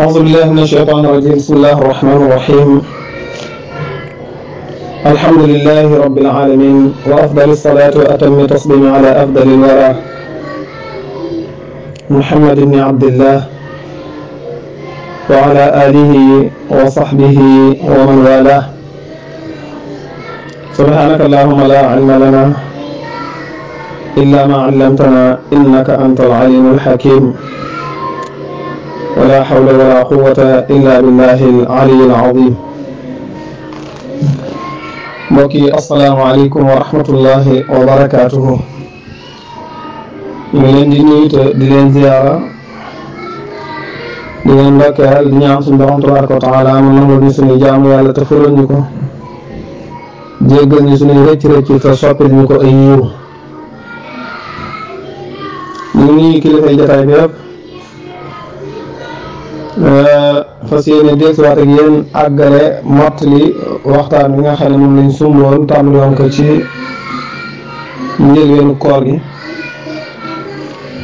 أعوذ بالله من الشيطان الرجيم بسم الله الرحمن الرحيم الحمد لله رب العالمين وأفضل الصلاة وأتم التسليم على أفضل الورى محمد بن عبد الله وعلى آله وصحبه ومن والاه سبحانك اللهم لا علم لنا إلا ما علمتنا إنك أنت العليم الحكيم wala hawla wala quwwata illa billahi al-ali al-azim mbokk yi asalaamaaleykum wa rahmatullahi wa barakaatuhu ñu ngi leen di nuyu te di leen ziyaara di leen ndokkeel di ñaan suñu borom tabaraka wa taala mu nangul ñu suñu jaamu yàlla te fulal ñu ko jéggal ñu suñu rëcc rëcc te soppil ñu ko ay yiw ñu ngi nuyu kilifa jataay bi yëpp Euh, fas yéene dellusiwaat ak yéen àggale mottali waxtaan bi nga xam ne moom lañ sumboon tàmbali woon ko ci njëlbeenu koor gi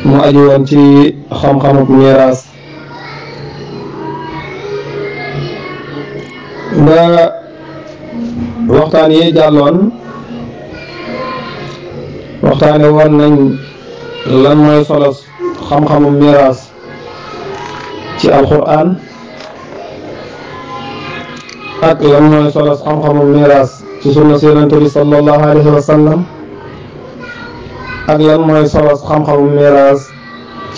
mu aju woon ci xam-xamub miraas ba waxtaan yi jàlloon waxtaane woon nañ lan solos xam ci alquran ak lan mooy solo xam-xamu miras ci sunna si bi sallallahu Alaihi wa sallam ak lan mooy solo xam-xamu miras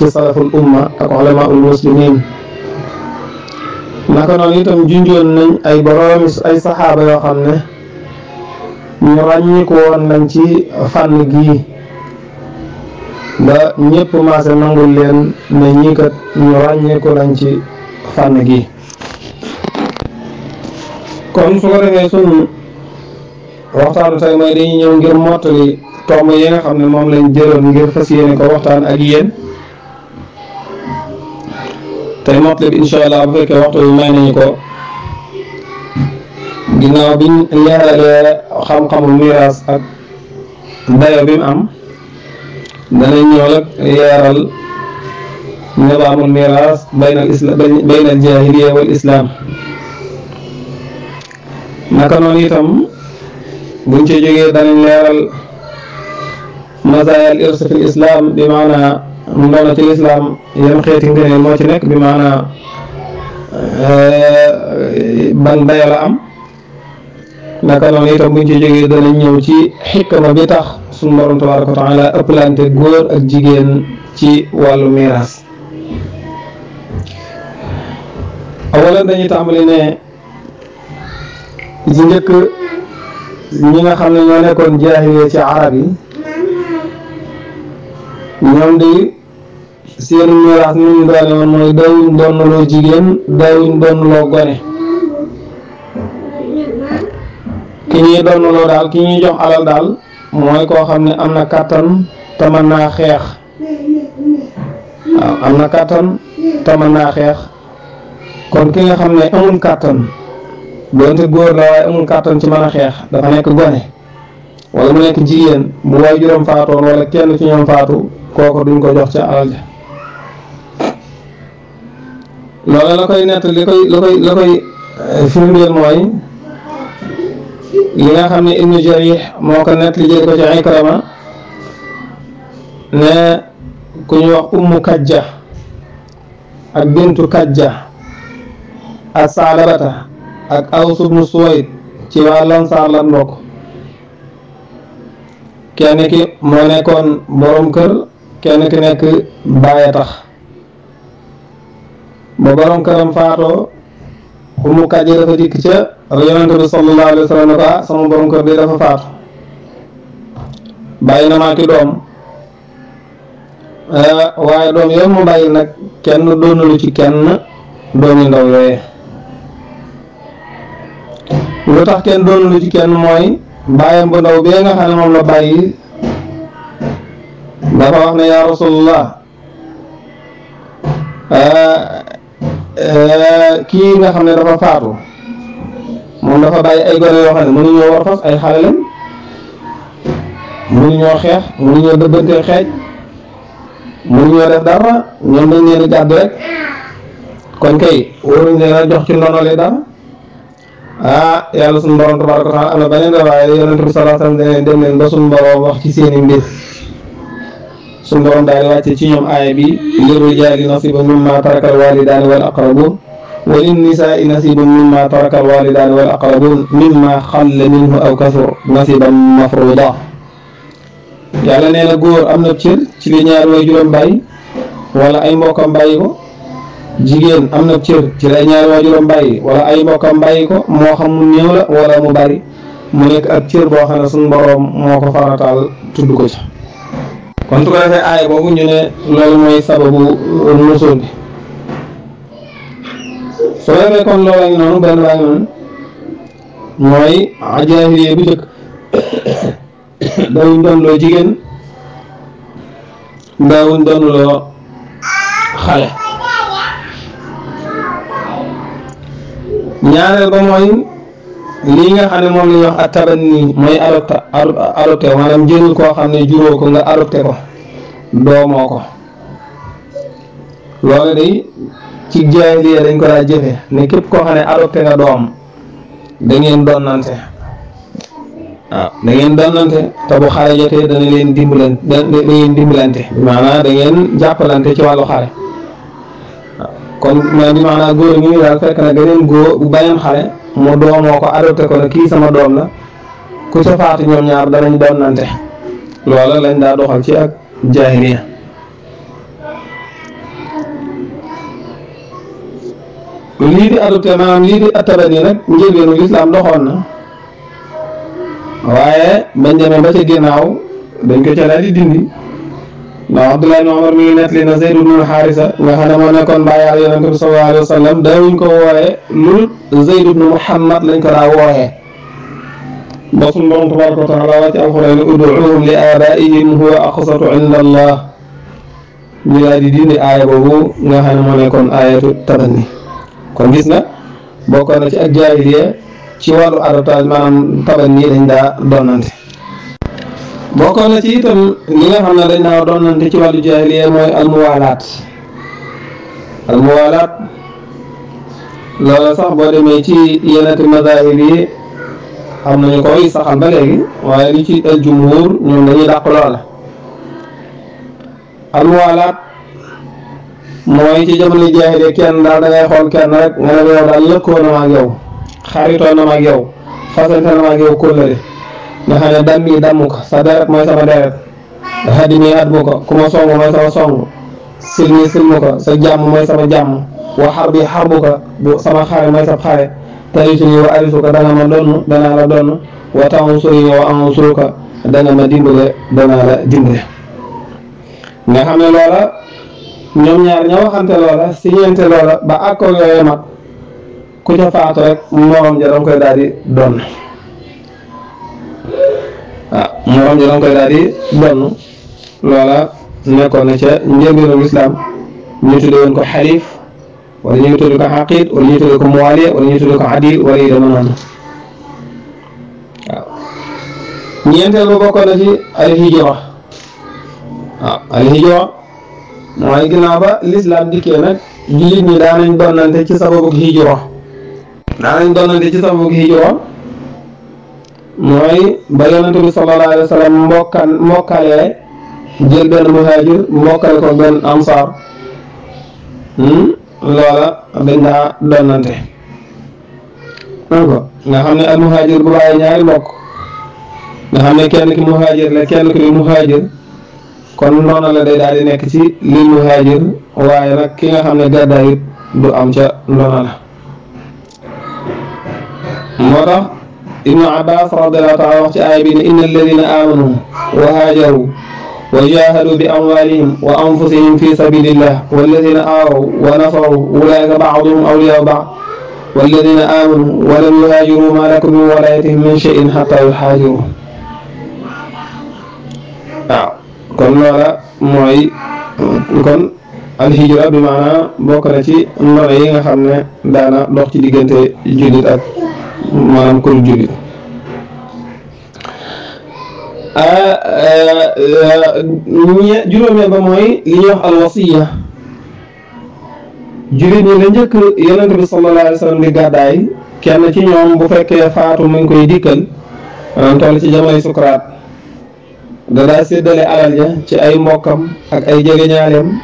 ci salaful umma ak ul muslimin naka noonu itam junjoon nañ ay borom ay sahaba yo xamne ñu ñu ko won nañ ci gi ba ñëpp maase nangul leen ne ñi kat ñu ko lañ ci fann gi kon su ko rewé sun waxtaanu tay may dañuy ñew ngir motali tomb yi nga xamne mom lañ jëlal ngir fasiyene ko waxtaan ak yeen tay mottali bi incha allah bu fekke waxtu yu may nañ ko ginaaw biñu leeralee xam-xamu mirage ak dayo bi mu am dana ñëw nag leeral nidaamul miraas bayna al al jaahiliya wal islaam naka noonu itam buñ ci jógee danañ leeral masaayal irs fi islaam bi maanaa ndono ci lislaam yan xeeti ngëneel moo ci nekk bi maanaa eh, ban daya naka noonu itam buñ ci jógee danañ ñëw ci xikma bi tax suñu borom tabaaraka wa taala ëpplante góor ak jigéen ci wàllu miiras awalan dañuy tàmbali ne ci njëkk ñi nga xam ne ñoo nekkoon jaahiliya ci arab yi ñoom di seen miiras ni ñu doone mooy daawuñ doon loo jigéen daawuñ doon loo gone ki ñuy donnaloo daal ki ñuy jox alal daal mooy koo xam ne am na kàttan te naa xeex am na kàttan te mën kon ki nga xam ne amul kàttan doonte góor la waaye amul kàttan ci mën a xeex dafa nekk gone wala mu nekk jigéen bu waay juróom faatoon wala kenn ci ñoom faatu kooku duñ ko jox ca alal ja la koy nett li koy la koy la eh, mooy yi nga xam ne ibnu jarih moo ko nett li jël ko ci ikrama ne ku ñu wax ummu kajja ak bintu kajja ak saalabata ak aws ibnu suwayd ci waa lansaar lan bokk kenn ki moo nekkoon borom kër kenn ki nekk baay tax ba borom këram faatoo xummu kàjje dafa dikk ca yonente bi sallallahu alayhi wa sallam ne ah, sama borom kër bi dafa faatu bàyyi na maa ki doom eh, waaye doom yooyu mu bàyyi nag kenn doonalu ci kenn doomi ndaw yooye lu tax kenn lu ci kenn mooy bàyyam bu ndaw bee nga xam ne moom la bàyyi dafa wax ne yaa rasulullah eh, Euh, kii nga xam ne dafa faatu moom dafa bàyyi ay gone yoo xam ne mënuñoo war fas ay xale lañ mënuñoo xeex mënuñoo dëbbante xeej mënuñoo def dara ñoom dañ leen a jàdd rek kon kay waruñ leen a jox ci ndonole dara ah yàlla suñu borom tabaaraka bi ba wax ci seeni mbir suñu borom daal di wàcce ci ñoom aaya bi lirrijaali nasibun mimma taraka alwalidaani wal aqrabuun wa linnisaai nasibun mimma taraka alwalidaani wal aqrabuun mimma xalla minhu aw kasur nasiban mafruuda yàlla nee na góor am na cër ci li ñaar way juróom bàyyi wala ay mbokkam am na cër ci la ñaari waajuram bàyyi wala ay mbokkam bàyyi ko moo xam mu néew la wala mu bari mu nekk ak cër boo xam ne suñu boroom moo ko farataal tudd ko ci kon su ko defee aaya boobu ñu ne loolu mooy sababu musul bi soo defee kon loolu a ngi noonu benn baa ngi noonu mooy jaahiliya bu njëkk daawuñ doon loo jigéen daawuñ doon loo xale ñaareel ba mooy lii nga xam ne moom la ñuy wax atabanni mooy adopté adopté maanaam jëlul xam ne juróo ko nga adopté ko doomoo ko loolu day ci jaahiliya dañ ko daa jëfe ne képp koo xam ne adopté nga doom da ngeen donnante waaw da ngeen donnante te bu xare jotee dana leen dimbalante da ngeen jàppalante ci wàllu xare waaw kon maanaam góor ñi daal fekk na beneen góor bu xare. mu doomoo ko adopté ko ne kii sama doom la ku ca faatu ñoom ñaar danañ doon nante loola lañ daa doxal ci ak jaahiliya lii di adopté maanaam lii di attabani nag njëlbeenu lislaam doxoon na waaye bañ demee ba ca ginnaaw dañ ko ca daal dindi ndax Abdullah ibn Umar mi ngi nettali na Zayd ibn Xaarisa nga xam ne moo nekkoon bàyyaal yonente bi sallallahu ko wooyee lu Zayd ibn Muhammad lañ ko daa wooyee ba suñu borom tabaraka wa li aabaihim huwa aqsatu inda allah ñu daal di dindi aaya boobu tabanni ci ak jaahiliya ci wàllu tabanni dañ bokkoon na ci itam li nga xam ne dañ a doonante ci wàllu jaahiliya mooy almuwaalaat almuwaalaat loola sax boo demee ci yenati mazahib yi am nañu koy saxal ba léegi waaye li ci al jumhur ñoom dañuy dàq loola almuwaalaat mooy ci jamono jaahiliya kenn daal da xool kenn rek nga ne daal lëkkoo na ma ak yow xaritoo na ma ak yow fasante na nga xam ne dam bii damm ko sa deret mooy sama deret xadimi adbu ko ku ma song mooy sama song silmi silmu ko sa jàmm mooy sama jàmm wa xarbi xarbu ko bu sama xare mooy sa xare tarisu ni wa arisu ko danga ma donn danaa la donn wa tansuri xam ne loola ñoom ñaar ña waxante loola siñeente loola ba accord yooyu mat ku ca faatu rek morom ja danga koy daal di donn ah moo xam ne da nga loola nekkoon ca njëlbéenu lislaam ñu tuddee woon ko xalif wala ñu tuddee ko xaqit wala ko muwaali wala ñu tuddee ko adil wala yi noonu waaw ñeenteel ba bokkoon ci alxijoor waaw alxijoor mooy ginnaaw ba lislaam dikkee nag jullit ñi daanañ donnante daanañ donnante ci sababu xijoor mooy ba yonente bi sallallahu alayhi wa sallam mbokkan mbokkale jël benn muhaajir mbokkale ko benn ansaar hmm? loola dañ daa nga xam ne al muhaajir bu bàyyi ñaari mbokk nga xam ne kenn ki muhaajir la kenn ki di muhaajir kon noonu la day daal di nekk ci lil muhaajir waaye nag ki nga xam ne gàddaay du am ca noonu la moo tax ابن عباس رضي الله تعالى عنه آية إن الذين آمنوا وهاجروا وجاهدوا بأموالهم وأنفسهم في سبيل الله والذين آروا ونصروا أولئك بعضهم أولياء بعض والذين آمنوا ولم يهاجروا ما لكم من ولايتهم من شيء حتى يهاجروا الهجرة بمعنى بكرة نرى إيه خمنا دانا لوقتي ديجنتي جديد maanaam kon jullit ah, ah, ñe juróomee ba mooy li ñuy wax alwasiya jullit ñi la njëkk yonent bi sallallahu alayhi wa di gàddaay kenn ci ñoom bu fekkee faatu mu ngi koy dikkal maanaam toll ci jamonoy sukuraat dadaa séddale alal ja ci ay mbokkam ak ay jegeñaaleem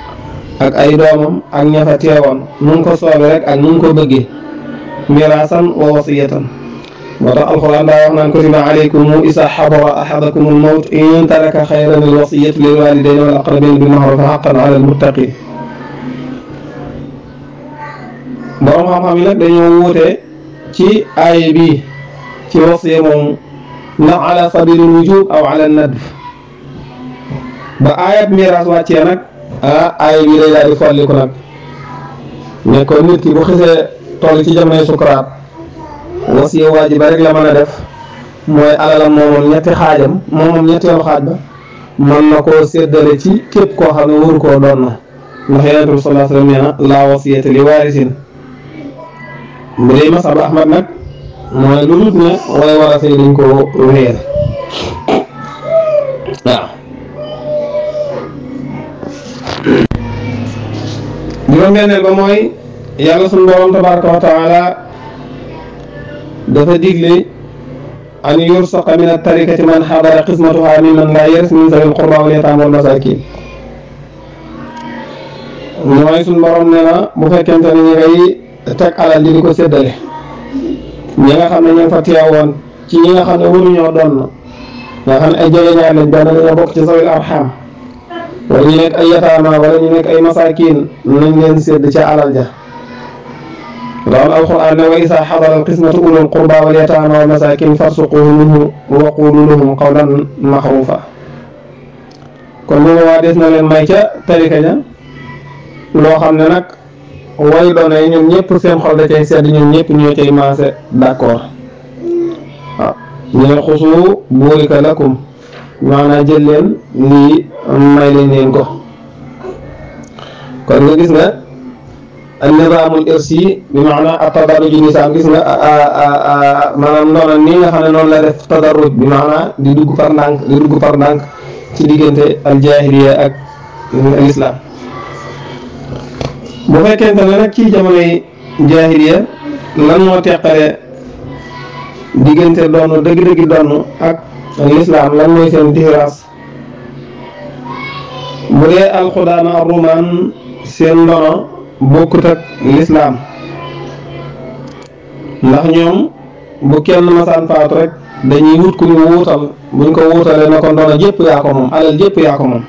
ak ay doomam ak ñafa teewoon nu ko soobee rek ak nu ko bëggee ميراثا ووصية وقرأ القرآن بارك من كتب عليكم إذا حضر أحدكم الموت إن ترك خيرا الوصية للوالدين والأقربين بالمعروف حقا على المتقي بارك الله فيك لأن يموت تي أي بي تي وصية لا على سبيل الوجوب أو على الندب بآية ميراث واتيانك آه، أي بي لا يفعل لكم نكون نتي بخزي toll ci jamonoy sukuraat wasiya waajiba rek la mën a def mooy alalam moomoom ñetti xaajam moomoom ñetteelu xaaj ba mën na koo séddale ci képp koo xam ne koo doon na ndax yonent bi sallallahu alayhi nee na laa wasiyata li waarisin bu dee masab ahmad nag mooy lu dul ne way warase yi dañ koo wéer waaw juróom-benneel ba mooy yàlla suñu borom tabaraka wa taala dafa digle an yursaqa min at-tarikati man xadara qismatuha mimman laa yaris min zawil qurba wal yataama wal mooy suñu borom nee na bu fekkente ne ñi ngay teg alal ji di ko seddale ñi nga xam ne ñu ngi fa teewoon ci ñi nga xam ne waruñoo doon na nga xam ay jege ñaar lañ doon dañoo bokk ci zawil arham wala ñu nekk ay yataama wala ñu nekk ay masaakin nañ leen sédd ca alal ja loolu alquran ne wa isa xadara alqismatu ulul qurba wal yataama wal masakin farsuquhu minhu wa qulu lahum qawlan maxrufa kon bu boobaa des na leen may ca tarika xam ne nag way doon yi ñoom seen xol da cay sedd ñoom ñëpp ñoo cay maase d'accord waaw xusu buurika lakum maanaam jël leen lii may leen ko kon nga gis nga annizaamul irsi bi maanaam ak tadarruju nisaam gis nga maanaam noonu ni nga xam ne noonu la def tadarruj bi maanaam di dugg par ndànk di dugg par ndànk ci diggante aljaahiliya ak lislaam bu fekkente ne nag ci jamonoy jaahiliya lan moo teqale diggante doonu dëgg-dëgg doonu ak lislaam lan mooy seen différence bu dee alxudaama arrumaan seen ndono bokkut ak lislaam ndax ñoom bu kenn masaan faatu rek dañuy wut ku ñu wuutal buñ ko wuutalee na ko ndono jëpp yaa ko moom alal jëpp yaa ko moom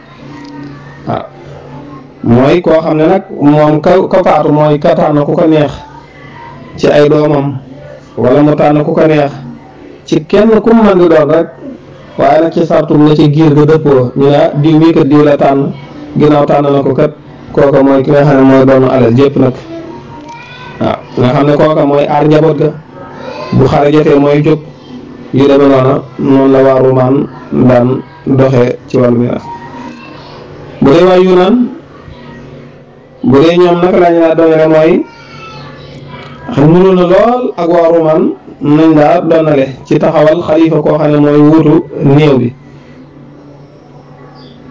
mooy koo xam ne nag moom ka ka faatu mooy ka tànn ku ko neex ci ay doomam wala mu tànn ku ko neex ci kenn ku man doon rek waaye nag ci sartum na ci giir ga dëppoo ñu ne ah, diw mii kat tànn ginnaaw tànn na ko kat kooka mooy ki nga xam ne mooy doonu alal jëpp nag waaw nga xam ne kooka mooy aar njaboot ga bu xare jotee mooy jóg yu demee noona noonu la waa Rumaan daan doxee ci wàllu miraas bu bu dee ñoom naka la ñu doonale ci taxawal xalifa koo xam ne mooy wuutu néew bi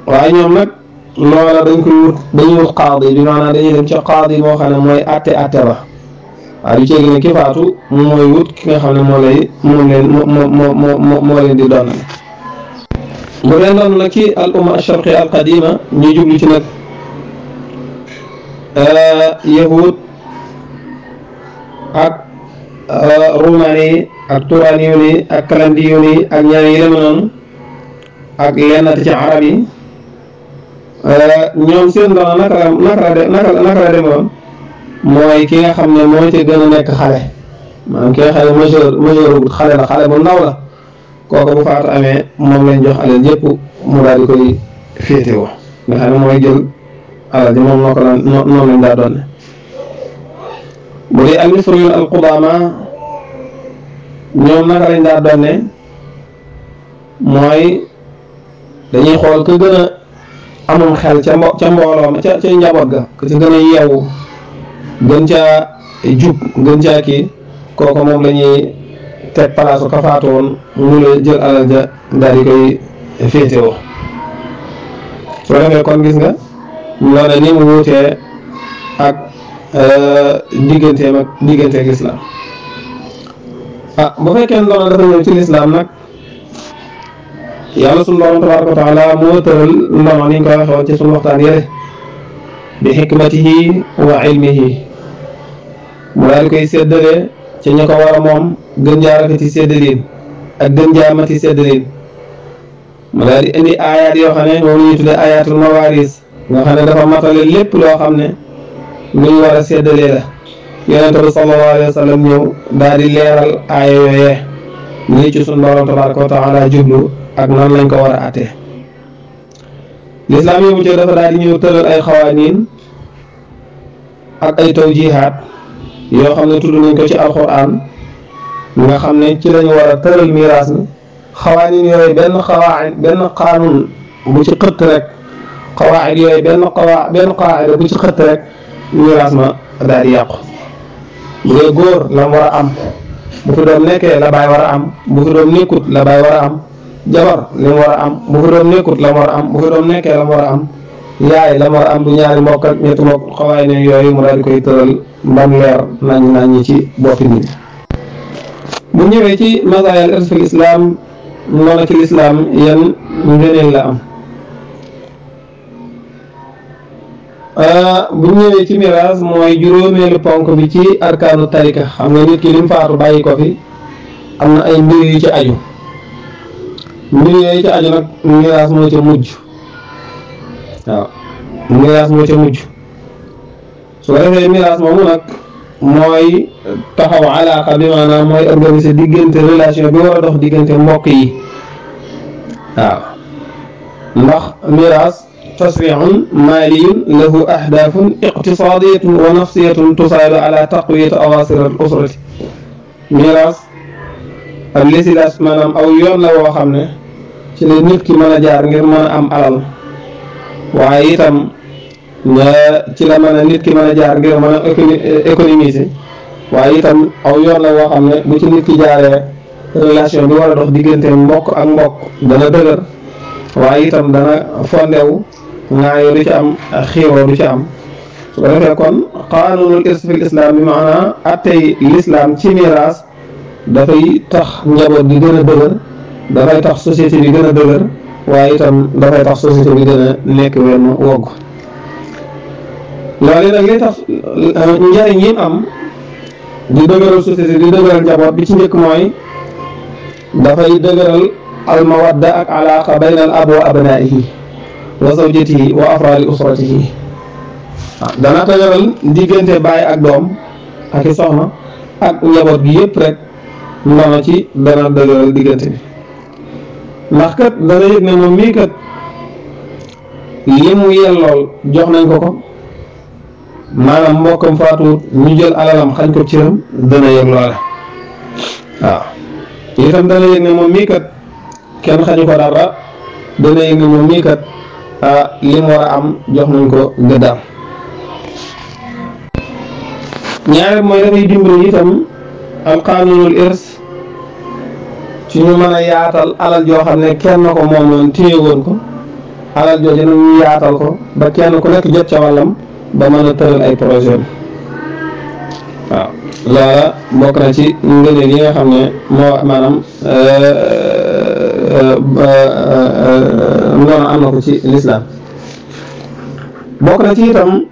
waaye ñoom nag loola dañ koy wut dañuy wut qaadi bi maanaam dañuy dem ca qaadi boo xam ne mooy atte atte ba waaw du ne ki faatu mooy wut ki nga xam ne moo leen moo moo moo leen di doon bu leen doon nag ci al umma al qadima ñu jublu ci nag euh, yahud ak euh, rumani yi ak turaniyu yi ak kalandiyu yi ak ñaar yi deme noonu ak ci arab Euh, ñoom seen doona naka la naka la mooy ki nga xam ne moo ci gën a nekk xale maanaam ki nga xam ne majeur majeur xale la xale bu ndaw la ko bu faatu amee moom lañ jox alal yëpp mu daal di koy féetewoo nga xam ne mooy jël alal moom moo ko noonu lañ daa doon bu dee al al qudaama ñoom naka lañ doon ne mooy dañuy xool ku gën a amum xel ca mbo ca mbooloo ma ca ca njaboot ga ku ci gën a yeewu gën caa jub gën caa kii kooku moom la teg palaasu ka faatu mu la jël alal ja daal di koy féetewoo soo defee kon gis nga loole ni mu wuutee ak euh, digganteem ak digganteeg lislaam ah bu fekkee ne dafa ñëw ci lislaam nag yàlla sunu borom tabaaraka wa taala moo tëral ndono ni ñu ko ci sunu waxtaan yële bi xikmatihi wa ilmihi mu daal koy séddale ci ña ko war a moom gën jaa rafeti séddaliin ak gën jaa mati mu daal di indi aayaat yoo xam ne moom la ñuy tuddee aayaatul mawaaris nga xam ne dafa matale lépp loo xam ne lu ñu war a séddalee la yonent bi ci sunu borom tabaaraka wa taala jublu ak nan lañ ko war a àtte lislaam yoobu ci dafa daal di ñëw tëral ay xawaaniin ak ay tawjihaat yoo xam ne tudd nañ ko ci alxuraan nga xam ne ci lañu war a tëral miraas mi xawaaniin yooyu benn xawaa benn xaanun bu ci xëtt rek xawaayid ma daal yàqu bu dee góor la mu war a am bu fi doom nekkee la baay war a am bu fi doom nekkut la baay war a am jabar li mu war a am bu fi doom nekkut la a am bu fi doom nekkee la mu am yaay la mu am du ñaari mbokk ak ñetti mbokk xawaay ne yooyu mu daal koy tëral mbam leer nañ nañ ci boppi nit bu ñëwee ci masaayal irsi fil islaam noonu ci lislaam yan ngëneel la am ah, bu ñëwee ci miraas mooy juróomeelu ponk bi ci arkaanu tarika xam nga nit ki lim faatu bàyyi ko fi am na ay mbir yu ci aju mbir yooyu ca aju nag miraas moo ca mujj waaw miraas moo ca mujj su ko defee miraas moomu nag mooy taxaw alaaqa bi maanaam mooy organiser diggante relation bi war a dox diggante mbokk yi waaw ndax miraas tasriicun maaliyun lahu ahdaafun iqtisaadiyatun wa nafsiyatun tusaadu ala taqwiyati awaasir al usrati miraas ab lésilaas maanaam aw yoon la woo xam ne ci la nit ki mën a jaar ngir mën am alal waaye itam na ci la mën nit ki mën a jaar ngir mën a économiser waaye itam aw yoon la woo xam ne bu ci nit ki jaaree relation bi war dox diggante mbokk ak mbokk dana dëgër waaye itam dana fondewu ngaayoo du ci am xiiroo du ci am su ko defee kon qaanunul irs fil islam bi maanaam attey l'islam ci miraas dafay tax njaboot gi gën a dëgër dafay tax société bi gën a dëgër waaye itam dafay tax société bi gën a nekk wenn wogg loolu nag li tax euh, njëriñ am di dëgëral société di dëgëral njaboot bi ci njëkk mooy dafay dëgëral almawadda ak alaaqa bayna al ab wa abnaihi wa wa afraadi usratihi ah, dana dëgëral diggante baay ak doom ak i soxna ak njaboot gi yëpp rek noonu ci dana dëgëral diggante bi ndax kat dana yëg ne moom mii kat li mu yellool jox nañ ko ko maanaam mbokkam faatuwut ñu jël alalam xañ ko ciram dana yëg loole waaw itam dana yëg ne moom mii kat kenn xañu ko dara dana yëg ne moom mii kat ah, li mu war jox nañ ko gëddaam ñaareel mooy dafay dimbali itam alqaanunul irs ci ñu mën a yaatal alal joo xam ne kenn ko moom téye woon ko alal jooju nag ñu yaatal ko ba kenn ku nekk jot ca wàllam ba mën a tëral ay projet waaw loola bokk na ci ngëneel yi nga xam ne moo maanaam euh, euh, euh, noonu am na ko ci lislaam bokk na ci itam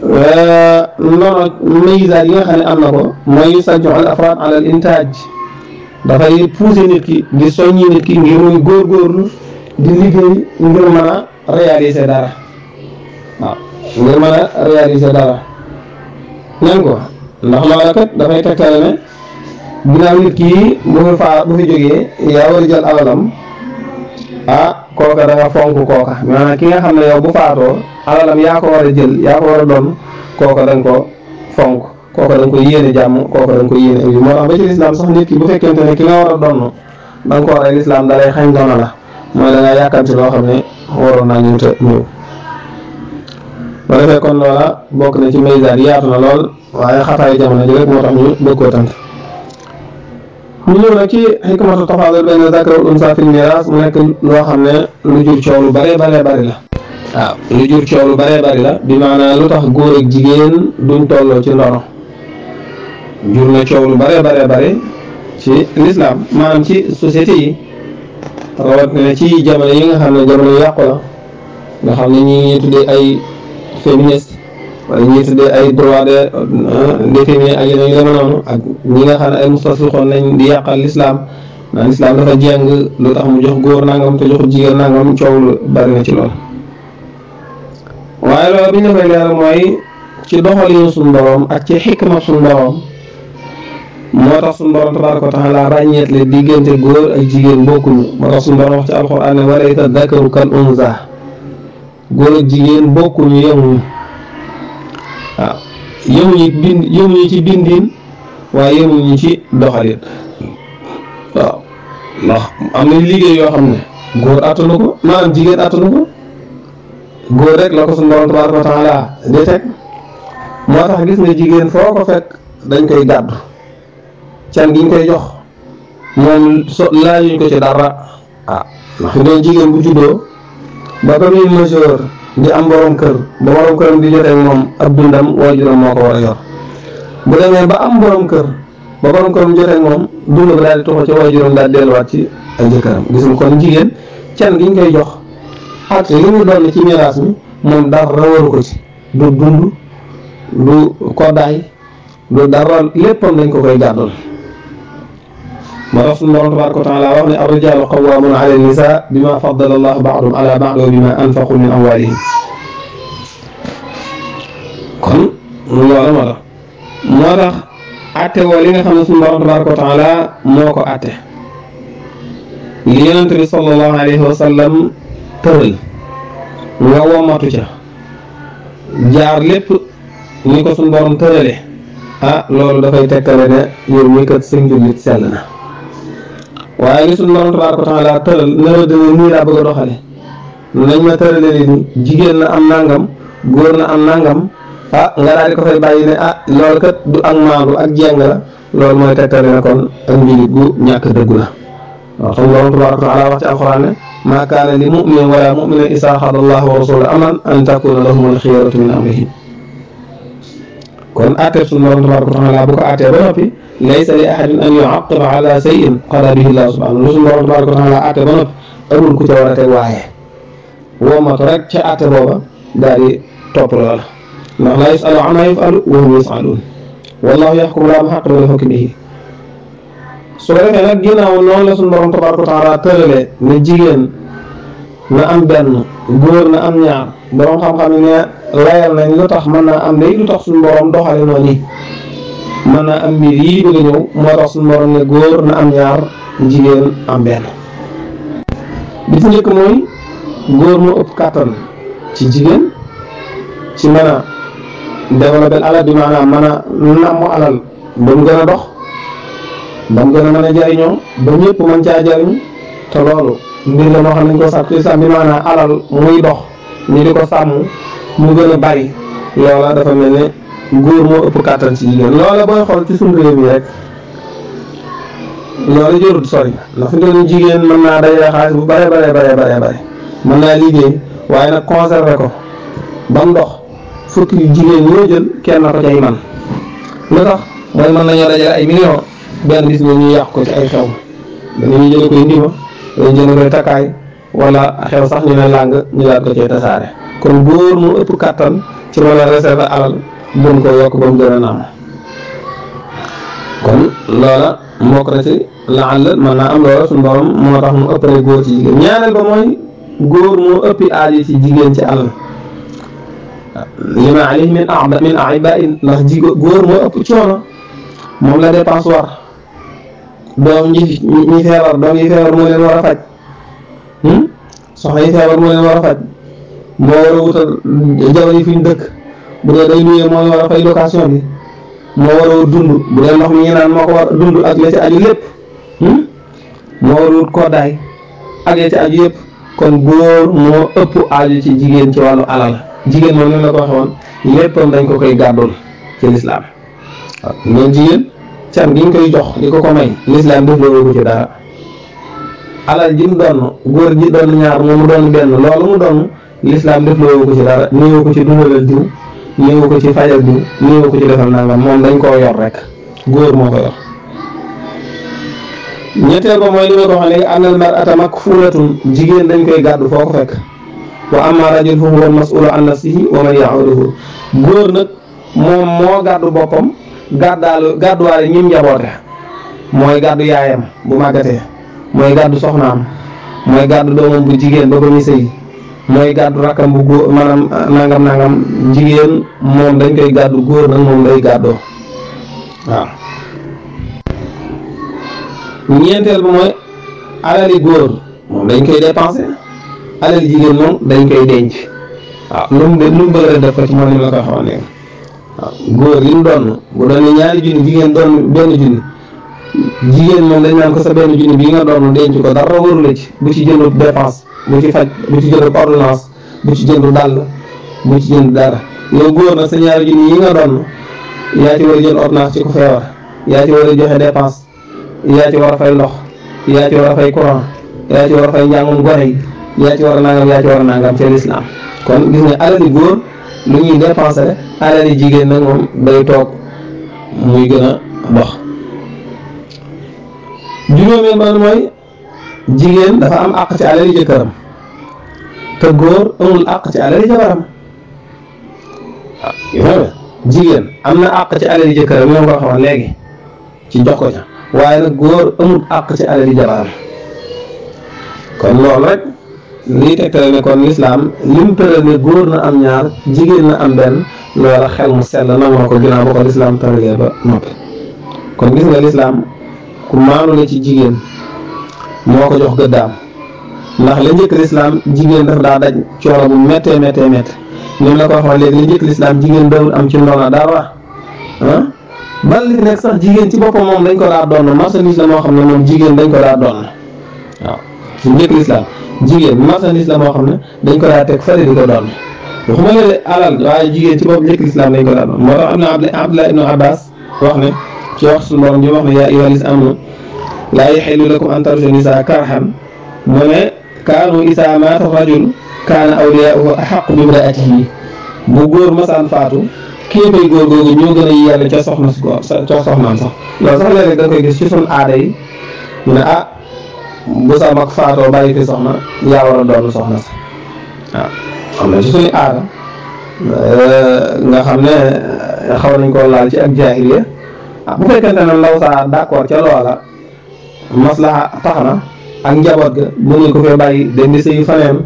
Euh, noonu maysaar yi nga xam ne am na ko mooy sanco al afraad ala intaaj dafay pousser nit ki di soññi nit ki ngir muy góor di liggéey ngir mën a réaliser dara waaw ngir mën a réaliser dara nen ko ndax loola kat dafay tegtale ne ginnaaw nit ki bu fi faa bu fi jógee yaa war a jël alalam ah kooka da fonk kooka maanaam ki nga xam ne yow bu faatoo alalam yaa ko war a jël yaa ko war a doon kooka da nga ko fonk kooka da ko yéene jàmm kooka da ko yéene aw moo tax bu fekkente ne ki nga war a doon a lislaam la mooy da nga yàkkamti xam ne waroon naa ñëw te ñëw ba na ci maysaan yaatu na lool waaye xataayu jamono ji rek moo tax ñu mu nekk loo xam ne lu jur coow lu bare bare bari la waaw ah, lu jur coow lu bare bari la bi maanaa lu tax góor ak jigéen duñ tolloo ci ndono jur na coow lu bare bare bari ci lislaam maanaam ci société yi rawat na ci jamono yi nga xam ne jamono yàqu la nga xam ne ñi ñuy tuddee ay féministe wala ñuy tuddee ay droit des euh, féminines ak yeneen yu deme noonu ak ñi nga xam ne ay nañ di naan lislaam dafa jàng lu mu jox góor nangam te joxul jigéen nangam coow bari na ci waaye loolu bi ñu leeral mooy ci doxalinu suñu borom ak ci xikma suñu borom moo tax suñu borom tabaaraka wa taala ràññeetle diggante góor ak jigéen bokkuñu moo tax ci alxuraan ne walaysa dakaru kal unsa góor ak jigéen bokkuñu yemuñu waaw yemuñu ci bindin waaye yemuñu ci doxalin ndax am na liggéey yoo xam ne góor attanu ko maanaam jigéen attanu ko. góor rek la ko suñu borom tabaaraka wa taala di teg moo tax gis nga jigéen foo ko fekk dañ koy gàddu can giñ koy jox moom so laajuñ ko ci dara ah ndax jigéen bu juddoo ba ba muy majeur di am borom kër ba borom këram di jotee moom a yor am borom kër ba borom këram jotee moom dund ba daal di tuxu ci waajuram daal delluwaat ci ay jëkkëram gis kon jigéen can giñ koy jox xàq li mu doon ci miraas mi moom dara waru ko ci du dund du koddaay du dara léppam ko koy gàddul moo tax suñu borom tabaaraka wa taala wax ne ar-rijaalu qawwaamuuna ala nisaa bimaa faddala allaahu ba'dahum anfaqu min amwaalihim kon loolu moo moo tax atte woo li nga xam ne suñu borom tabaaraka wa taala moo ko atte li yonent bi sallallahu alayhi wa tëral nga womatu ca jaar lépp ni ko suñ borom tërale ah loolu dafay tegtale ne yow mii kat sëñ sell na waaye su suñ borom tabaaraka wa taala tëral ne la dina nii laa bëgg a doxale nañ ma tërale ni jigéen na am nangam góor na am nangam ah nga daal di ko fay bàyyi ne ah loolu kat du ak maandu ak jeng la loolu mooy tegtale ne kon ak njulit ñàkk dëggu la waaw suñ borom tabaaraka wa taala wax ci alxuraan ne ما كان لمؤمن ولا مؤمن إذا أخذ الله ورسوله أمرا أن تكون لهم الخيرة من أمرهم كن أتى سنة تبارك وتعالى بك أتى بنفي ليس لأحد أن يعقب على سيء قال به الله سبحانه وتعالى سنة تبارك وتعالى أتى بنفي أمر كتابة الواية وما ترك أتى بابا داري تبرر الله لا يسأل عما يفعل وهم يسألون والله يحكم لا بحق ولا حكمه su ko defee nag ginnaaw noonu la suñu borom tabaaraka taala tërale ne jigéen na am benn góor na am ñaar borom xam-xam ne layal nañ lu tax mën naa am day lu tax suñu borom doxale noonu yi mën naa am mbir yii bëgg a ñëw tax suñu borom ne goor na am ñaar jigéen am benn bi ci njëkk mooy góor moo ëpp kàttan ci jigéen ci mën a développer alal bi maanaam mën a alal ba mu dox bam gën a mën a jariñoo ba ñëpp mën caa jariñ te loolu mbir la moo xam nañ ko sax ci sàmm bi maanaam alal muy dox ñu di ko sàmm mu gën a bari loola dafa mel ne góor moo ëpp kàttan ci jigéen loola booy xool ci suñu réew mi rek loola jorut sori ndax fi ne jigéen mën naa dajale xaalis bu bare bare bare bare bare mën naa liggéey waaye nag conserver ko ba ndox dox fukki jigéen ñoo jël kenn na ko cay man lu tax mooy mën nañoo dajale ay millions benn bis ne ñu yàq ko ci ay xew dañuy jële koy ndima dañuy jël koy takay wala xew sax ñu ne lang ñu la ko ci tassare kon goor mu ëpp katan ci wala a réserver alal gën ko yok ba mu gën naam kon loola mbokk na ci laal man na am loola sun borom mo tax mu ëppale goor ci jigéen ñaanal ba moy goor mu ëppi aaji ci jigéen ci alal li alayhi min a'ba min aibaa in ndax ji góor moo ëpp wala mom la dépense war doom ñi ñi feebar doom yi feebar moo leen war a faj hmm? soxna yi feebar moo leen war a faj moo war a wutal jabar yi fi ñu dëkk bu dee day nuyee moo war a fay location bi moo war a wut dund bu dee ndox mi ñu naan moo ko war a dund ak la ci aju lépp hmm? moo war a wut koddaay ak ci aju yëpp kon góor moo ëpp aju ci jigéen ci wàllu alal jigéen moom ni la ko waxee woon dañ ko koy gàddul ci lislaam waaw jigéen cam gi ñu koy jox li ko ko may lislaam def loolu ko ci dara alal ji mu donn góor ji donn ñaar moom mu benn loolu mu donn lislaam def loolu ko ci dara néewu ko ci dundalal diw néewu ko ci fajal diw néewu ko ci defal nangam moom dañ koo yor rek góor moo ko yor ñetteel ba mooy li ma ko wax léegi annal mar'ata makfuulatun jigéen dañ koy gàddu foo ko fekk wa amma rajul fa huwa al mas'ulu an nafsihi wa man ya'uduhu góor nag moom moo gàddu boppam gàddaalu gàdduwaale ñim njaboote mooy gàddu yaayam bu màggatee mooy gàddu soxnaam mooy gàddu doomam bu jigéen ba ba muy sëy mooy gàddu rakkam bu góor maanaam uh, nangam nangam jigéen moom dañ koy gàddu góor nag moom lay gàddoo waaw ñeenteel bi mooy alali góor moom dañ koy dépensé alali jigéen moom dañ koy denc waaw lu mu lu mu def ko ci moom ni la ko waxoon léegi waaw góor yi mu doon bu doon ñaari junni jigéen doon benn junni jigéen moom dañ naan ko sa benn junni bii nga doon denc ko dara wóor la ci bu ci jëndu dépense bu ci faj bu ci jëndu ordonnance bu ci jëndu dàll bu ci jënd dara yow góor na sa ñaari junni yi nga doon yaa ci war a jënd ordonnance ci ku feebar yaa ci war a joxe dépense yaa ci war fay ndox yaa ci war a fay courant yaa ci war a fay njàngum gore yi yaa ci war a nangam yaa ci war a nangam ci lislaam kon gis nga alali góor lu ñuy dépensé alali jigéen nag moom day toog muy gën a dox juróomeel man mooy jigéen dafa am àq ci alali jëkkëram te góor amul àq ci alali jabaram ah, jigéen am na àq ci alali jëkkëram ñoo ko waxoon léegi ci jox ko ca waaye nag góor amul àq ci alali jabaram kon loolu rek lii tegtale ne kon lislaam lim tëral ne góor na am ñaar jigéen na am benn loola xel mu sell nangu na ko ginnaaw ba ko lislaam tëralee ba noppi kon gis nga lislaam ku maanu la ci jigéen moo ko jox gëddaam ndax la njëkk lislaam jigéen daf daa daj coono bu méttee méttee ko waxoon léegi la njëkk lislaam dawul am ci ndono dara ah bal li nekk sax jigéen ci boppam moom dañ ko daa doon marchandise la moo xam ne moom jigéen dañ ko daa doon waaw suñu njëkk lislaam jigéen marchandise la moo xam ne dañ ko daa teg fële di ko doon waxuma la alal waaye jigéen ci bopp njëkk lislaam lañ ko doon moo tax am na Abdullah ibnu Abbas wax ne ci wax suñu borom ñu wax ne yaa ayyuhal lazina aamanu laa yaxillu lakum an tarithuu nisaa karhan mu ne kaanu isaa maata rajul kaana awliyaa'uhu ahaqqu bi imra'atihi bu góor masaan faatu kii koy góor googu ñoo gën a yell ca soxna ca soxnaam sax loolu sax léeg-léeg da koy gis ci suñu aada yi ñu ne ah bu sa mag faatoo bàyyi fi soxna yaa war a doon soxna si ah. xam ne ci suñu aada euh, nga xam ne euh, xaw nañ koo laal ci ak jaahiliya ah, bu fekkente ne law saa d'accord ca loola maslaha tax na ak njaboot ga mënuñ ko fee bàyyi dem di sëyi faneen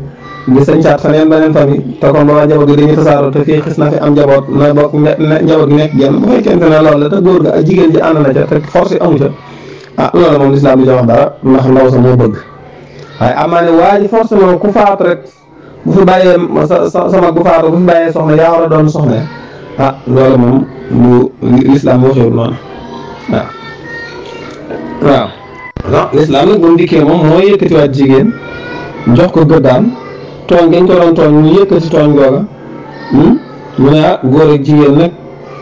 di sëñcaat faneen beneen famille te kon boobaa njaboot ga xis na fi am njaboot na bokk njaboot nekk genn bu fekkente ne loolu te góor ga ak jigéen ji ànd na ca te force amu ca ah loolu moom lislaam bi di wax dara ndax ndaw sa moo bëgg waaye amaa ne waa ji ku faat rek bu fi bàyyee sa sa sama bu faatu bu fi bàyyee soxna yaa war a doon soxna ah loolu moom lu ah. waaw lislaam nag moom moom moo yëkkatiwaat jigéen jox ko gëddaan tooñ gañ ko doon tooñ mu yëkkati tooñ googa hmm? mu ne ah góor ak jigéen nag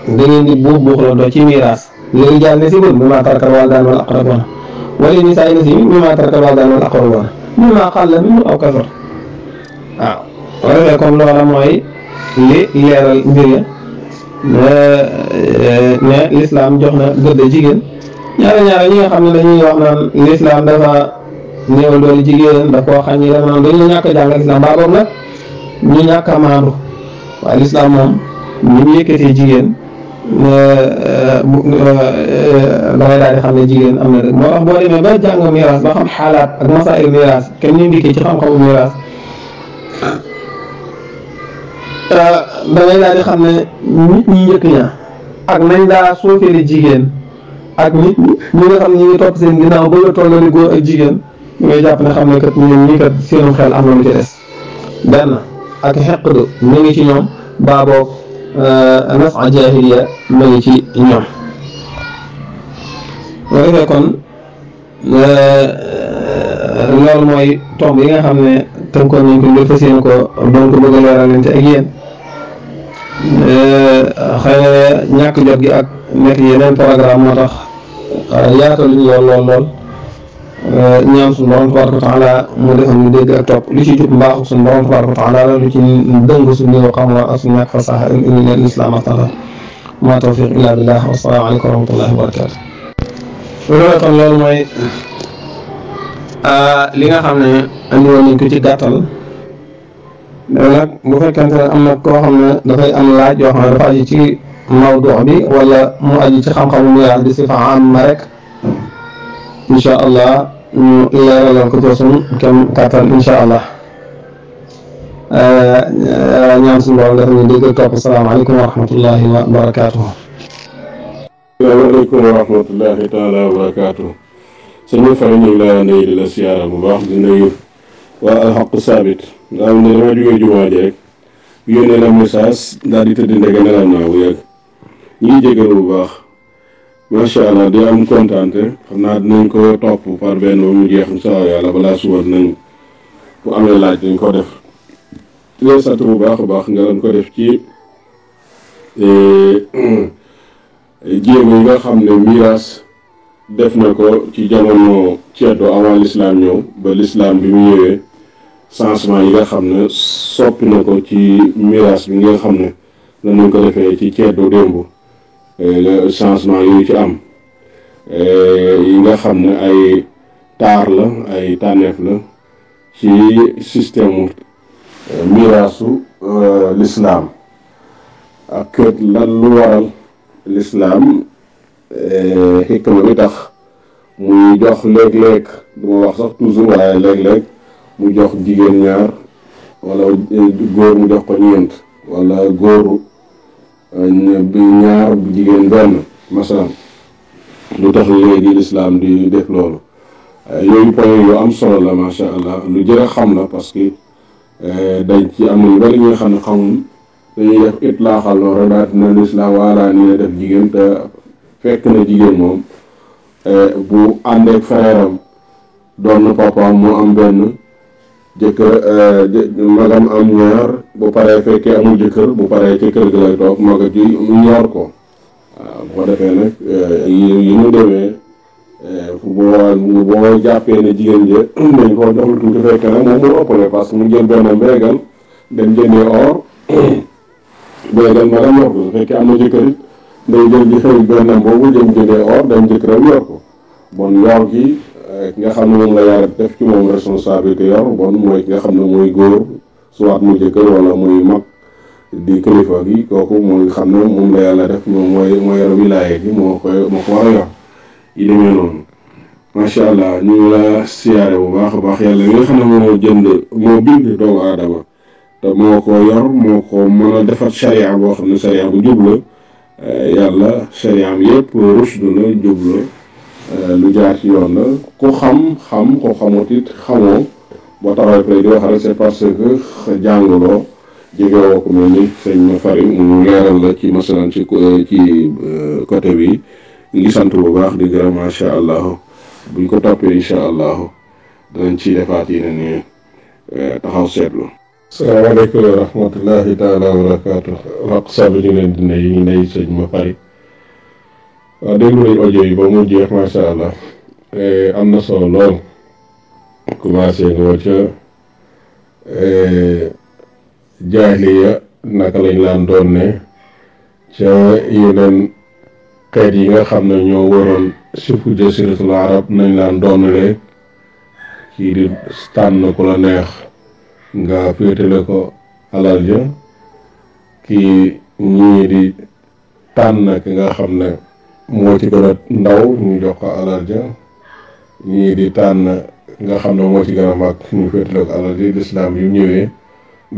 da di buub buux la doo ci miiraas lay jaal nasibun mimma taraka alwalidaan wal aqrabuun wa li nisaai nasibun mimma taraka alwalidaan wal aqrabuun mimma qalla minhu aw kasura waaw wala ne comme loola mooy li leeral mbir ya ne lislaam jox na gëdd jigéen ñaara ñaara nga xam ne dañuy wax naan lislaam dafa néewal doole jigéen daf koo xañ yi def naan dañu ñàkk a jàngal lislaam baa boobu nag ñu ñàkk a maandu waaye lislaam moom ni yëkkatee jigéen Eh, eh, eh, da ngay daal di am rek moo tax boo demee ba jàng miraas ba xam xaalaat ak masaayil miraas kenn ñu ndikkee ci xam-xamu miraas da ngay daal di xam ne ñi njëkk ña ak nañ daa soofeele jigéen ak nit ñi nga xam ne ñu ngi topp seen ginnaaw ba la tolloo ni góor ak jigéen jàpp ne xam ne kat ñoom ñii kat seenum xel am na lu ci des benn ak xeq du ñu ngi ci ñoom baa nafa euh, jaahiliya ma ngi ci ñoom loolu la kon euh, loolu mooy tomb yi nga xam ne tënkoon nañ ko ngir fas yéene ko doon ko bëgg a leeralante ak yéen euh, xëy na jot gi ak nekk yeneen programme moo tax yaataluñu lool lool lool. Euh, ñaan suñu borom tabaraka wa taala mu defal ñu dégg ak topp lu ci jub mbaaxu suñu borom tabaraka wa taala la lu ci dëng suñu néew xam ak suñu ñàkk fasaxa in illa lislaam axtara ma tawfiq illa billah wa salaamu aleykum wa rahmatullahi wa barakatu loolu kon loolu mooy ah, li nga xam ne andi woon nañ ko ci gàttal mais nag bu fekkente ne am na koo xam ne dafay am laaj yoo xam ne dafa aju ci mawduu bi wala mu aju ci xam-xamu mu yaar di sifa am ma rek incha allah ñu leeralal ko ci suñu kem kàttan incha allah ñaan suñu borom dafa ñu dégg topp salaamaaleykum wa rahmatullahi wa barakaatuhu. waaleykum wa rahmatullahi taala wa barakaatuhu. suñu fay ñu ngi laa nuyu di la siyaara bu baax di nuyu waa alxaqu saabit nga xam ne dama jógee jumaa ji rek yónnee la message daal di tëdd ndege nelaw naa bu yàgg ñu ngi jégalu bu baax. macha allah di am kontaante xam naa dinañ ko topp par benn ba mu jeex incha allah yàlla balaa suba dinañ bu amee laaj dañ ko def di leen sant bu baax a baax nga doon ko def ci eh, jéego yi nga xam ne miraas def na ko ci jamono ceddo avant l'islam ñëw ba l'islam bi mu ñëwee changement yi nga xam ne soppi na ko ci miraas bi nga xam ne danañ ko defee ci ceddo démb. changement yoy ci am euh yi nga xamne ay tar la ay tanef la ci système miraasu l'islam ak lan lu waral euh xikma bi tax muy jox leg leg du ma wax sax toujours waaye leg leg mu jox jigéen ñaar wala góor mu jox ko ñent wala goor bu ñaar bu jigéen benn masalan lu tax léegi lislaam di def loolu yooyu point yu am solo la macha allah lu jërë xam la parce que eh, dañ ci am nañu bari ñi nga xam ne xamuñ dañuy def it laaxal loolu daal di lislaam waaraa ni na def jigéen te fekk na jigéen moom eh, bu àndeek frère am doon na am benn jëkkër euh, magam am ñaar bu paree fekkee amul jëkkër bu paree ci kër gi lay toog maga ji ñaar ko waaw bu ko defee nag euh, yi mu demee boo euh, boo jàppee ne jigéen je dañ koo jox lu tuuti fekk nag moom moo ëppale parce que mu jël benn mbeegal dem jëndee or mbeegal magam yor ko su fekkee am na jëkkër it jël ji xëy benn boobu jëndee or dem jëkkëram yor ko bon yor ki nga xam ne moom la yàlla def ci moom responsabilité yor bon mooy nga xam ne mooy góor soit mu jëkkër wala muy mag di kilifa gi kooku mooy moo koy moo ko bu baax a baax yàlla li nga xam ne moo jënd moo bind moo yor moo ko mën a defar sharia boo xam ne sharia bu jub la eh, yàlla shariam yëpp rushdu la jub la Euh, lu jaar ci yoon la ku xam xam ko xamut it xamoo boo taxawee play di wax rek parce que jànguloo jegewoo ko mel ni sëñ ma fari mu leeral la ci masalan ci ci euh, côté ngi sant bu baax di gërëm macha allah buñ ko toppee incha allah danañ ci defaat yi ne euh, taxaw seetlu salaamaaleykum wa rahmatullahi taala wa barakaatu raq sab ñu leen di nuyu ñu nuyu ma fari waaw déglu nañ audio yi ba mu jeex macha allah eh, am na solo lool commencé ngoo ca eh, ya naka lañ laan doon ne ca yeneen xeet yi nga xam ne ñoo waroon sufu jasiratul arab nañ laan doonale kii di tànn ku la neex nga féetale ko alal ja kii ñii di tànn ki nga xam ne moo ci gën a ndaw ñu jox ko alal ja ñii di tànn nga xam ne moo ci gën a mag ñu féetloog alal ja lislaam yu ñëwee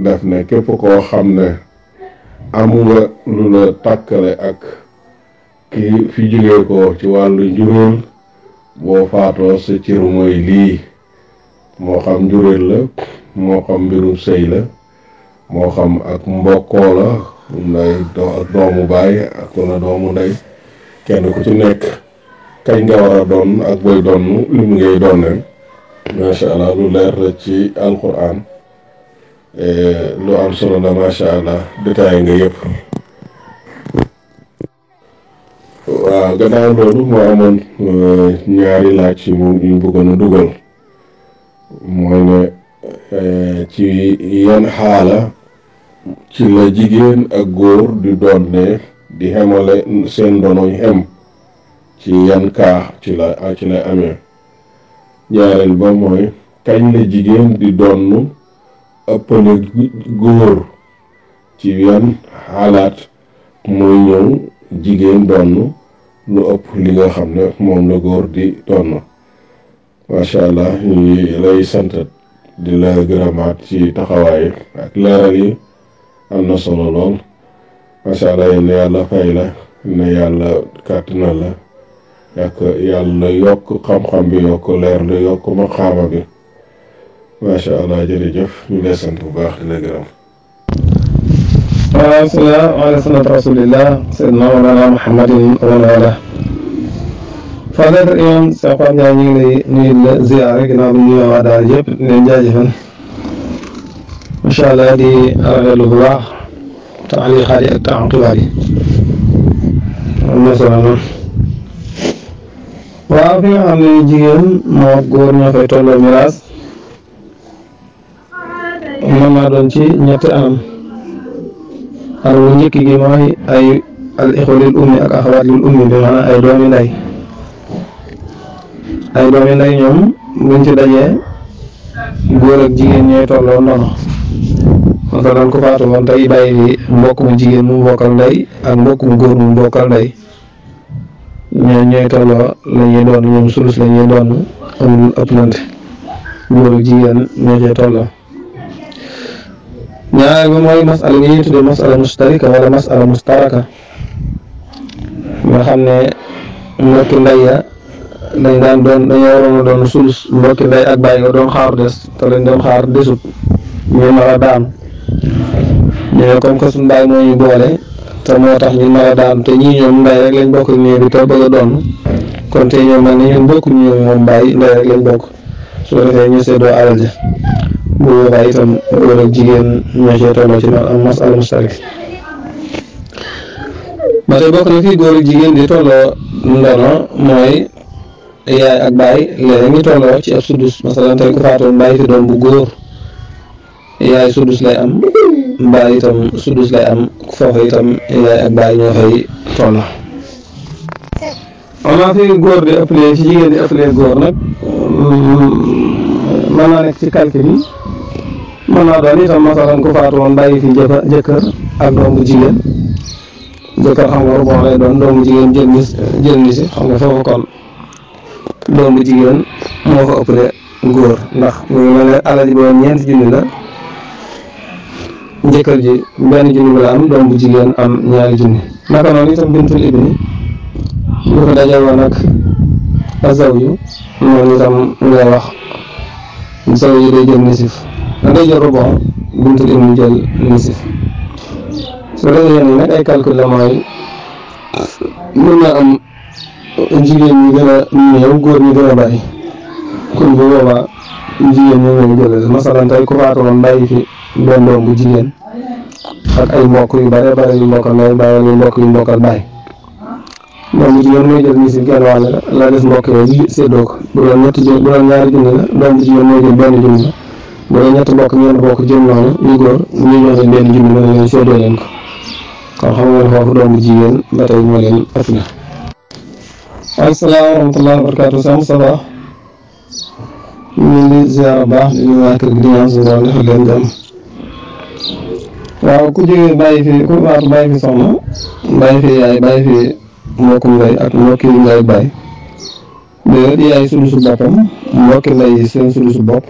def ne képp koo xam ne am nga lu la tàkkale ak kii fi jógee ko ci wàllu njuréel boo faatoo sa cër mooy lii moo xam njuréel la moo xam mbirum sëy la moo xam ak mbokkoo la um doomu baay ak wala doomu ndey kenn ku ci nekk kañ nga war a doon ak booy doon lim ngay doone macha allah lu leer la ci alquran e, lu am solo la macha allah détaillé nga yëpp. waaw gannaaw loolu moo amoon e, ñaari laaj yu mu ñu bëggoon a dugal mooy ne e, ci yan xaala ci la jigéen ak góor di doon di xemale seen ndonoy xem ci yan kaax ci la amee ñaareel ba mooy kañ la jigéen di donn ëppale góor ci yan xalaat mooy ñëw jigéen donn lu ëpp li nga xam ne moom la góor di donn macha allah ñu ngi lay sant di la gërëmaat ci taxawaay ak leeral yi am na solo lool macha allah yal na yàlla fay la yokk xam-xam bi yokk leer la yokk maqaama bi macha allah jërëjëf ñu lay baax di la gërëm. waaw bisimilah ala sunnat rasulillah seydna mawlana muhammadin wa man wala fadar imam nuyu la ziyaare ginnaaw bi ñu di rafetlu bu baax taaliixaat yi ak taaqibaat yi am na xam ne jigéen moo góor ñoo koy tolloo miraas mën naa doon ci ñetti anam anam bu njëkk ay al lil ummi ak axawaat lil ummi bi maanaam ay doomi nday ay doomi nday ñoom buñ ci dajee ak jigéen ñooy tolloo ndono kon daal ko faatu woon tey bàyyi mbokk mu jigéen mu mbokkal ndey ak mbokk mu góor mu mbokkal ndey ñoom ñooy tolloo la ñuy ñoom sulus la ñuy doon amul góor ak jigéen ñoo cee tolloo. ñaareel bi mooy masala bi ñuy tuddee masala mustarika wala masala mustaraka nga xam ne mbokki ndey ya dañ daan doon dañoo waroon a doon sulus mbokki ndey ak bàyyi doon xaar des te lañ doon xaar desut ñu mara daan. ñu ne comme que suñu bàyyi moo ñu boole te moo tax ñu mën a daam te ñii ñoom mbay rek lañ bokk ak néew bi bëgg a doon kon te ñoom man ne ñun bokkuñ ñoom moom mbay mbay rek lañ bokk su ko defee ñu séddoo alal ja bu boobaa itam góor ak jigéen ñoo cee tolloo ci noonu am mas al mustarik ba tey bokk na fii góor ak jigéen di tolloo ndono mooy yaay ak baay léeg-léeg ñu tolloo ci ab sudus masalan tey ku faatoon bàyyi fi doom bu góor. yaay sudus lay am mbaay itam sudus lay am foofa itam yaay ak baay ñoo fay toll ama fi góor di ëpplee ci jigéen di ëpplee góor nag mën naa nekk ci calcul yi mën naa doon itam masalan ku faatu woon bàyyi fi jëfa jëkkër ak doom bu jigéen jëkkër xam nga bon lay doon doom bu jigéen jël ni jël ni si xam nga foofu kon jigéen moo fa góor ndax mel ne alal ji junni la jëkkër ji benn junni am doom bu jigéen am ñaari junni naka noonu itam bintul ibni lu ko daje woon ak azawju moom itam ngay wax zaw yi jël nisif da day jël rubon bintul ibni jël nisif su dee yéen nag ay calcul la mooy mën na am jigéen ñi gën a néew góor ñi gën a bari kon bu boobaa jigéen ñi gën a jëlal masalan tey ku faatu woon doom bu jigéen ak ay mbokk yu bare bare yu mbokkal nday bare yu mbokk yu mbokkal baay doom bu jigéen mooy jël misib genn wàll la des mbokk yooyu séddoo ko bu doon ñetti jël bu doon ñaari junni la doom bu jigéen mooy jël benn junni la bu doon ñetti mbokk ñeent bokk jël noonu ñu góor ñu ñëw benn junni la ne leen séddoo leen ko kon xam ngeen foofu doom bu jigéen ba tey moo leen ëpp na waaleykum salaam wa rahmatulah wa barakaatu Sam Sabaa ñu ngi ziar baax di nuyu waa kër gi di ñaan suñu borom defal leen jàmm waaw ku jógee bàyyi fi ku waatu bàyyi fi soxna bàyyi fi yaay bàyyi fi mbokku ndey ak mbokki ndey bàyyi déedéet yaay sulusu boppam mbokki ndey seen sulusu bopp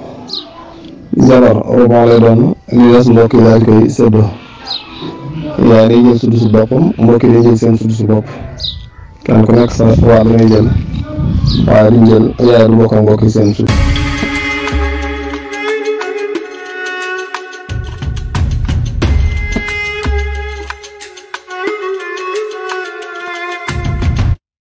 jabar rebon lay doon li des mbokki daal di koy séddoo yaay day jël sulusu boppam mbokki day jël seen sulusu bopp kenn ku nekk sa waa la jël waaye duñ jël yaay du bokk mbokki seen sulus